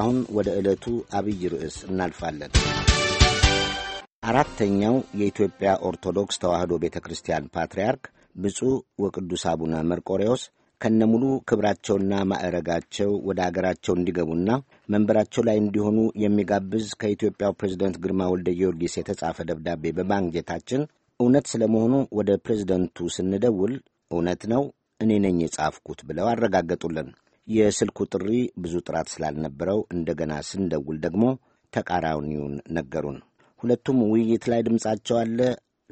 አሁን ወደ ዕለቱ አብይ ርዕስ እናልፋለን። አራተኛው የኢትዮጵያ ኦርቶዶክስ ተዋሕዶ ቤተ ክርስቲያን ፓትርያርክ ብፁዕ ወቅዱስ አቡነ መርቆሬዎስ ከነሙሉ ክብራቸውና ማዕረጋቸው ወደ አገራቸው እንዲገቡና መንበራቸው ላይ እንዲሆኑ የሚጋብዝ ከኢትዮጵያው ፕሬዝደንት ግርማ ወልደ ጊዮርጊስ የተጻፈ ደብዳቤ በማግኘታችን እውነት ስለመሆኑ ወደ ፕሬዝደንቱ ስንደውል እውነት ነው እኔ ነኝ የጻፍኩት ብለው አረጋገጡልን። የስልኩ ጥሪ ብዙ ጥራት ስላልነበረው እንደገና ስንደውል ደግሞ ተቃራኒውን ነገሩን። ሁለቱም ውይይት ላይ ድምጻቸው አለ፣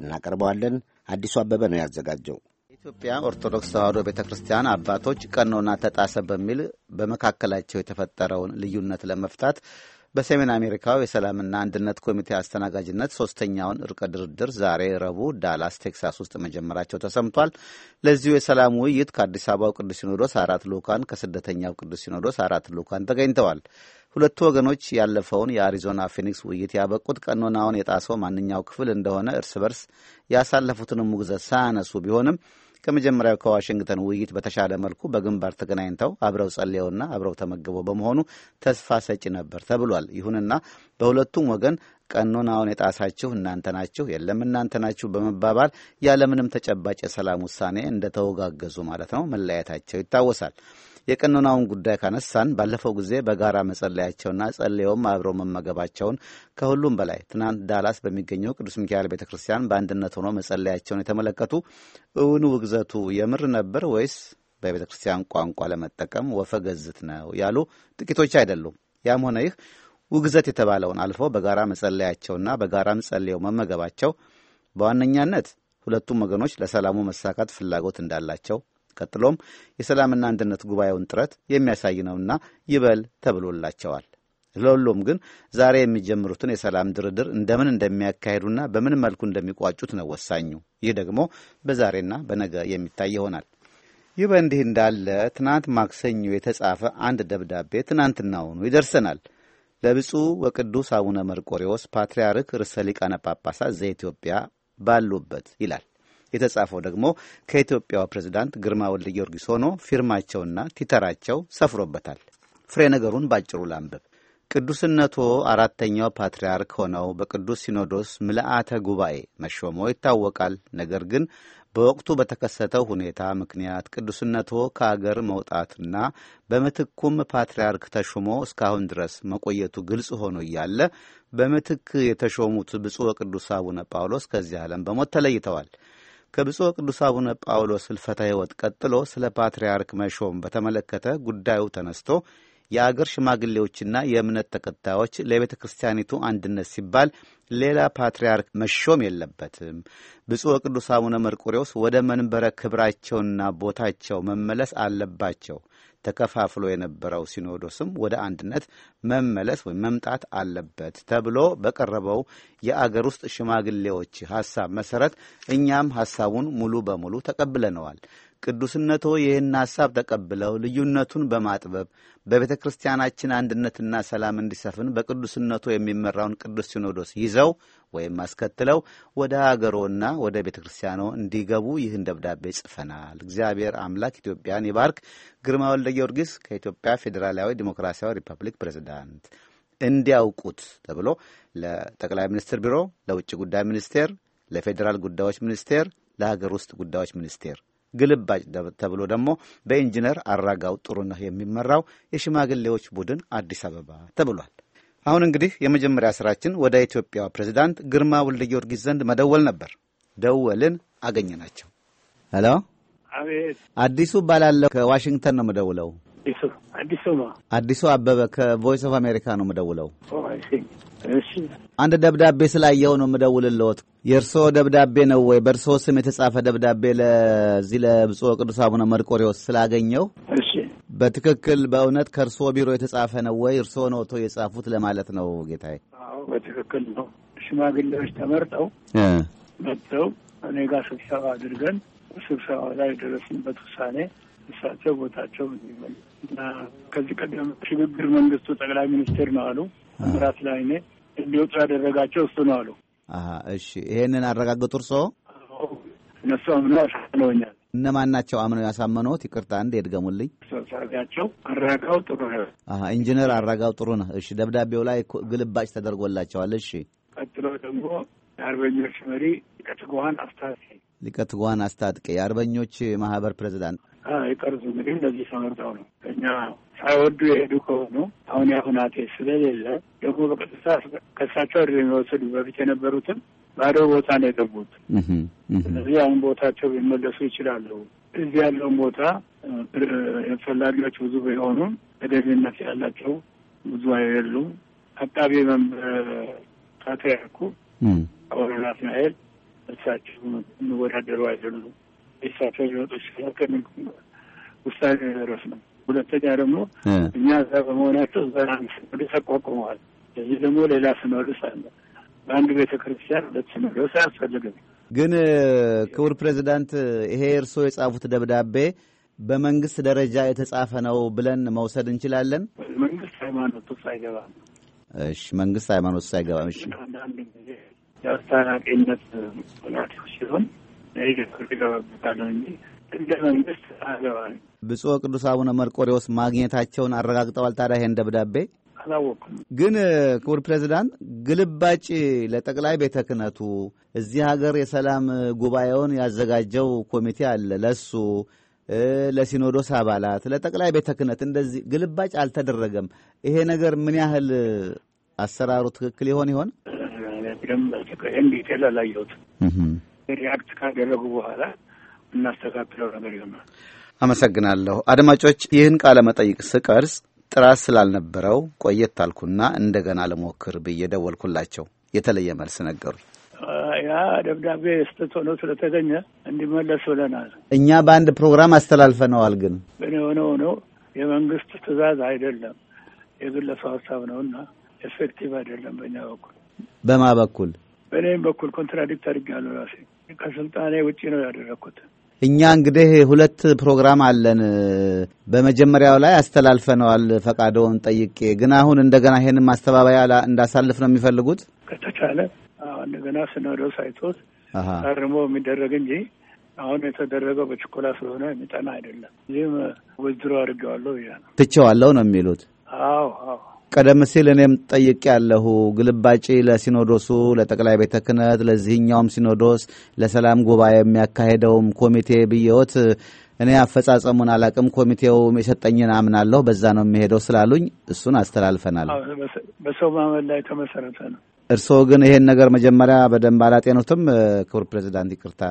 እናቀርበዋለን። አዲሱ አበበ ነው ያዘጋጀው። የኢትዮጵያ ኦርቶዶክስ ተዋሕዶ ቤተ ክርስቲያን አባቶች ቀኖና ተጣሰ በሚል በመካከላቸው የተፈጠረውን ልዩነት ለመፍታት በሰሜን አሜሪካው የሰላምና አንድነት ኮሚቴ አስተናጋጅነት ሶስተኛውን እርቀ ድርድር ዛሬ ረቡዕ ዳላስ ቴክሳስ ውስጥ መጀመራቸው ተሰምቷል። ለዚሁ የሰላም ውይይት ከአዲስ አበባው ቅዱስ ሲኖዶስ አራት ልኡካን፣ ከስደተኛው ቅዱስ ሲኖዶስ አራት ልኡካን ተገኝተዋል። ሁለቱ ወገኖች ያለፈውን የአሪዞና ፊኒክስ ውይይት ያበቁት ቀኖናውን የጣሰው ማንኛው ክፍል እንደሆነ እርስ በርስ ያሳለፉትንም ውግዘት ሳያነሱ ቢሆንም ከመጀመሪያው ከዋሽንግተን ውይይት በተሻለ መልኩ በግንባር ተገናኝተው አብረው ጸልየውና አብረው ተመግበው በመሆኑ ተስፋ ሰጪ ነበር ተብሏል። ይሁንና በሁለቱም ወገን ቀኖናውን የጣሳችሁ እናንተ ናችሁ፣ የለም እናንተ ናችሁ በመባባል ያለምንም ተጨባጭ የሰላም ውሳኔ እንደተወጋገዙ ማለት ነው መለያየታቸው ይታወሳል። የቀኖናውን ጉዳይ ካነሳን ባለፈው ጊዜ በጋራ መጸለያቸውና ጸልየውም አብረው መመገባቸውን ከሁሉም በላይ ትናንት ዳላስ በሚገኘው ቅዱስ ሚካኤል ቤተ ክርስቲያን በአንድነት ሆኖ መጸለያቸውን የተመለከቱ እውን ውግዘቱ የምር ነበር ወይስ በቤተ ክርስቲያን ቋንቋ ለመጠቀም ወፈ ገዝት ነው ያሉ ጥቂቶች አይደሉም። ያም ሆነ ይህ ውግዘት የተባለውን አልፎ በጋራ መጸለያቸውና በጋራም ጸልየው መመገባቸው በዋነኛነት ሁለቱም ወገኖች ለሰላሙ መሳካት ፍላጎት እንዳላቸው ቀጥሎም የሰላምና አንድነት ጉባኤውን ጥረት የሚያሳይ ነውና ይበል ተብሎላቸዋል። ለሁሉም ግን ዛሬ የሚጀምሩትን የሰላም ድርድር እንደምን እንደሚያካሄዱና በምን መልኩ እንደሚቋጩት ነው ወሳኙ። ይህ ደግሞ በዛሬና በነገ የሚታይ ይሆናል። ይህ በእንዲህ እንዳለ ትናንት ማክሰኞ የተጻፈ አንድ ደብዳቤ ትናንትናውኑ ይደርሰናል። ለብፁዕ ወቅዱስ አቡነ መርቆሬዎስ ፓትርያርክ ርዕሰ ሊቃነ ጳጳሳት ዘኢትዮጵያ ባሉበት ይላል። የተጻፈው ደግሞ ከኢትዮጵያው ፕሬዚዳንት ግርማ ወልደ ጊዮርጊስ ሆኖ ፊርማቸውና ቲተራቸው ሰፍሮበታል። ፍሬ ነገሩን ባጭሩ ላንብብ። ቅዱስነቶ አራተኛው ፓትርያርክ ሆነው በቅዱስ ሲኖዶስ ምልአተ ጉባኤ መሾሞ ይታወቃል። ነገር ግን በወቅቱ በተከሰተው ሁኔታ ምክንያት ቅዱስነቶ ከአገር መውጣትና በምትኩም ፓትርያርክ ተሾሞ እስካሁን ድረስ መቆየቱ ግልጽ ሆኖ እያለ በምትክ የተሾሙት ብፁዕ ወቅዱስ አቡነ ጳውሎስ ከዚህ ዓለም በሞት ተለይተዋል። ከብፁዕ ቅዱስ አቡነ ጳውሎስ ሕልፈተ ሕይወት ቀጥሎ ስለ ፓትርያርክ መሾም በተመለከተ ጉዳዩ ተነስቶ የአገር ሽማግሌዎችና የእምነት ተከታዮች ለቤተ ክርስቲያኒቱ አንድነት ሲባል ሌላ ፓትርያርክ መሾም የለበትም። ብፁዕ ቅዱስ አቡነ መርቆሬዎስ ወደ መንበረ ክብራቸውና ቦታቸው መመለስ አለባቸው። ተከፋፍሎ የነበረው ሲኖዶስም ወደ አንድነት መመለስ ወይም መምጣት አለበት ተብሎ በቀረበው የአገር ውስጥ ሽማግሌዎች ሐሳብ መሠረት እኛም ሐሳቡን ሙሉ በሙሉ ተቀብለነዋል። ቅዱስነቶ ይህን ሐሳብ ተቀብለው ልዩነቱን በማጥበብ በቤተ ክርስቲያናችን አንድነትና ሰላም እንዲሰፍን በቅዱስነቶ የሚመራውን ቅዱስ ሲኖዶስ ይዘው ወይም አስከትለው ወደ አገሮና ወደ ቤተ ክርስቲያኖ እንዲገቡ ይህን ደብዳቤ ጽፈናል። እግዚአብሔር አምላክ ኢትዮጵያን ይባርክ። ግርማ ወልደ ጊዮርጊስ ከኢትዮጵያ ፌዴራላዊ ዲሞክራሲያዊ ሪፐብሊክ ፕሬዝዳንት እንዲያውቁት ተብሎ ለጠቅላይ ሚኒስትር ቢሮ፣ ለውጭ ጉዳይ ሚኒስቴር፣ ለፌዴራል ጉዳዮች ሚኒስቴር፣ ለሀገር ውስጥ ጉዳዮች ሚኒስቴር ግልባጭ ተብሎ ደግሞ በኢንጂነር አራጋው ጥሩነህ የሚመራው የሽማግሌዎች ቡድን አዲስ አበባ ተብሏል። አሁን እንግዲህ የመጀመሪያ ስራችን ወደ ኢትዮጵያ ፕሬዚዳንት ግርማ ወልደ ጊዮርጊስ ዘንድ መደወል ነበር። ደወልን፣ አገኘናቸው። ሄሎ፣ አቤት። አዲሱ እባላለሁ ከዋሽንግተን ነው መደውለው አዲሱ አዲሱ ነው። አዲሱ አበበ ከቮይስ ኦፍ አሜሪካ ነው የምደውለው። አንድ ደብዳቤ ስላየው ነው የምደውልልዎት። የእርስዎ ደብዳቤ ነው ወይ? በእርስዎ ስም የተጻፈ ደብዳቤ ለዚህ ለብፁዕ ቅዱስ አቡነ መርቆሪዎስ ስላገኘው በትክክል በእውነት ከእርስዎ ቢሮ የተጻፈ ነው ወይ? እርስዎ ነዎት የጻፉት ለማለት ነው ጌታዬ? በትክክል ነው። ሽማግሌዎች ተመርጠው መጥተው እኔ ጋር ስብሰባ አድርገን ስብሰባ ላይ ደረስንበት ውሳኔ እሳቸው ቦታቸው እና ከዚህ ቀደም ሽግግር መንግስቱ ጠቅላይ ሚኒስትር ነው አሉ። ምራት ላይ እኔ እንዲወጡ ያደረጋቸው እሱ ነው አሉ። እሺ ይሄንን አረጋግጡ እርስዎ። እነሱ አምነው አሳምነውኛል። እነማን ናቸው አምነው ያሳመኑት? ይቅርታ አንድ የድገሙልኝ። ሰብሳቢያቸው አረጋው ጥሩ ነው። ኢንጂነር አረጋው ጥሩ ነው። እሺ ደብዳቤው ላይ ግልባጭ ተደርጎላቸዋል። እሺ ቀጥሎ ደግሞ የአርበኞች መሪ ሊቀ ትጉሃን አስታጥቄ ሊቀ ትጉሃን አስታጥቄ የአርበኞች ማህበር ፕሬዚዳንት የቀሩት እንግዲህ እንደዚህ ተመርጠው ነው። እኛ ሳይወዱ የሄዱ ከሆኑ አሁን ያሁን አቴ ስለሌለ ደግሞ በቀጥታ ከሳቸው አይደለም የሚወሰዱ በፊት የነበሩትም ባዶ ቦታ ነው የገቡት። ስለዚህ አሁን ቦታቸው ሊመለሱ ይችላሉ። እዚህ ያለውን ቦታ ፈላጊዎች ብዙ ቢሆኑም ተገቢነት ያላቸው ብዙ አይደሉም። አቃቢ መንበርካቶ ያልኩ አወረናት ናይል እሳቸው የሚወዳደሩ አይደሉም። ሊሳተው የሚወጡ ከሚል ውሳኔ የደረስ ነው። ሁለተኛ ደግሞ እኛ እዛ በመሆናቸው እዛ አንድ ሲኖዶስ እዚህ ደግሞ ሌላ ሲኖዶስ አለ። በአንድ ቤተ ክርስቲያን ሁለት ሲኖዶስ አያስፈልግም። ግን ክቡር ፕሬዚዳንት፣ ይሄ እርስዎ የጻፉት ደብዳቤ በመንግስት ደረጃ የተጻፈ ነው ብለን መውሰድ እንችላለን? መንግስት ሃይማኖት ውስጥ አይገባም። እሺ፣ መንግስት ሃይማኖት ውስጥ አይገባም። እሺ፣ አንዳንድ ጊዜ የአስታራቂነት ናቸው ሲሆን እንጂ እንደ መንግስት ብፁዕ ቅዱስ አቡነ መርቆሪዎስ ማግኘታቸውን አረጋግጠዋል። ታዲያ ይሄን ደብዳቤ አላወቅም ግን ክቡር ፕሬዚዳንት ግልባጭ ለጠቅላይ ቤተ ክህነቱ እዚህ ሀገር የሰላም ጉባኤውን ያዘጋጀው ኮሚቴ አለ ለሱ ለሲኖዶስ አባላት ለጠቅላይ ቤተ ክህነት እንደዚህ ግልባጭ አልተደረገም። ይሄ ነገር ምን ያህል አሰራሩ ትክክል ይሆን ይሆን? ዲቴል አላየሁትም። ሪያክት ካደረጉ በኋላ እናስተካክለው ነገር ይሆናል። አመሰግናለሁ። አድማጮች ይህን ቃለ መጠይቅ ስቀርጽ ጥራት ስላልነበረው ቆየት አልኩና እንደገና ለሞክር ብዬ ደወልኩላቸው። የተለየ መልስ ነገሩኝ። ያ ደብዳቤ ስህተት ሆኖ ስለተገኘ እንዲመለስ ብለናል። እኛ በአንድ ፕሮግራም አስተላልፈነዋል። ግን ግን የሆነ ሆኖ የመንግስት ትዕዛዝ አይደለም የግለሰብ ሀሳብ ነውና ኤፌክቲቭ አይደለም በእኛ በኩል በማ በኩል በእኔም በኩል ኮንትራዲክት አድርጌያለሁ ራሴ ከስልጣኔ ውጭ ነው ያደረግኩት። እኛ እንግዲህ ሁለት ፕሮግራም አለን። በመጀመሪያው ላይ አስተላልፈነዋል ፈቃደውን ጠይቄ፣ ግን አሁን እንደገና ይሄንን ማስተባበያ እንዳሳልፍ ነው የሚፈልጉት። ከተቻለ እንደገና ሲኖዶስ አይቶት ታርሞ የሚደረግ እንጂ አሁን የተደረገው በችኮላ ስለሆነ የሚጠና አይደለም። ይህም ውድድሮ አድርጌዋለሁ ብያ ነው ትቼዋለሁ ነው የሚሉት። አዎ አዎ ቀደም ሲል እኔም ጠይቅ ያለሁ ግልባጭ ለሲኖዶሱ ለጠቅላይ ቤተ ክህነት ለዚህኛውም ሲኖዶስ ለሰላም ጉባኤ የሚያካሄደውም ኮሚቴ ብየወት እኔ አፈጻጸሙን አላቅም፣ ኮሚቴው የሰጠኝን አምናለሁ፣ በዛ ነው የሚሄደው ስላሉኝ እሱን አስተላልፈናል። በሰው ማመን ላይ ተመሰረተ ነው። እርስዎ ግን ይሄን ነገር መጀመሪያ በደንብ አላጤኑትም። ክቡር ፕሬዚዳንት ይቅርታ።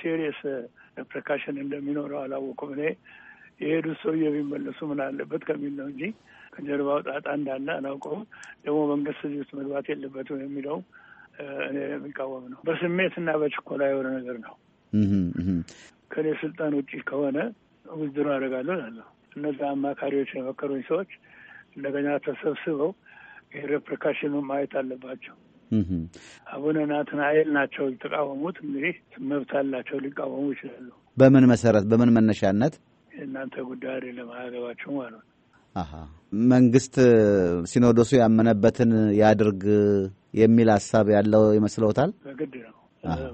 ሲሪየስ ፕሪካሽን እንደሚኖረው አላወቁም። እኔ የሄዱት ሰውዬ ቢመለሱ ምን አለበት ከሚል ነው እንጂ ከጀርባው ጣጣ እንዳለ አላውቀውም። ደግሞ መንግስት እዚህ ውስጥ መግባት የለበትም የሚለው እኔ የሚቃወም ነው። በስሜት እና በችኮላ የሆነ ነገር ነው። ከኔ ስልጣን ውጭ ከሆነ ውዝድሮ አደርጋለሁ እላለሁ። እነዚ አማካሪዎች የመከሩኝ ሰዎች እንደገና ተሰብስበው የሬፕሪካሽኑ ማየት አለባቸው። አቡነ ናትናኤል ናቸው የተቃወሙት። እንግዲህ መብት አላቸው ሊቃወሙ ይችላሉ። በምን መሰረት በምን መነሻነት የእናንተ ጉዳይ አይደለም፣ አያገባችሁ ማለት ነው። መንግስት ሲኖዶሱ ያመነበትን ያድርግ የሚል ሀሳብ ያለው ይመስለውታል። በግድ ነው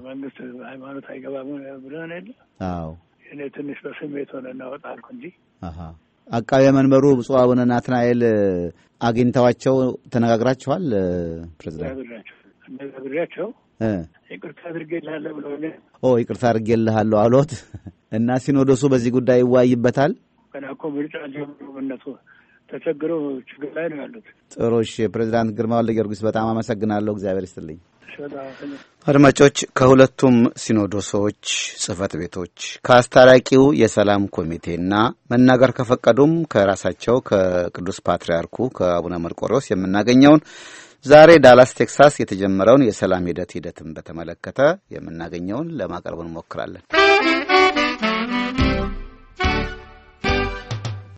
መንግስት ሃይማኖት አይገባም ብለን የለ። አዎ እኔ ትንሽ በስሜት ሆነ እናወጣልኩ እንጂ አቃቤ መንበሩ ብፁዕ አቡነ ናትናኤል አግኝተዋቸው ተነጋግራችኋል? ፕሬዚዳንት ነግሬያቸው ይቅርታ አድርጌልሃለሁ ብለውኛል። ይቅርታ አድርጌልሃለሁ አሎት። እና ሲኖዶሱ በዚህ ጉዳይ ይዋይበታል ገና እኮ ምርጫ ጀምሮ እነሱ ተቸግረው ችግር ላይ ነው ያሉት። ጥሩ እሺ። ፕሬዚዳንት ግርማ ወልደ ጊዮርጊስ በጣም አመሰግናለሁ። እግዚአብሔር ይስጥልኝ። አድማጮች ከሁለቱም ሲኖዶሶች ጽህፈት ቤቶች ከአስታራቂው የሰላም ኮሚቴና መናገር ከፈቀዱም ከራሳቸው ከቅዱስ ፓትርያርኩ ከአቡነ መርቆሪዎስ የምናገኘውን ዛሬ ዳላስ ቴክሳስ የተጀመረውን የሰላም ሂደት ሂደትን በተመለከተ የምናገኘውን ለማቅረብ እንሞክራለን። Thank you.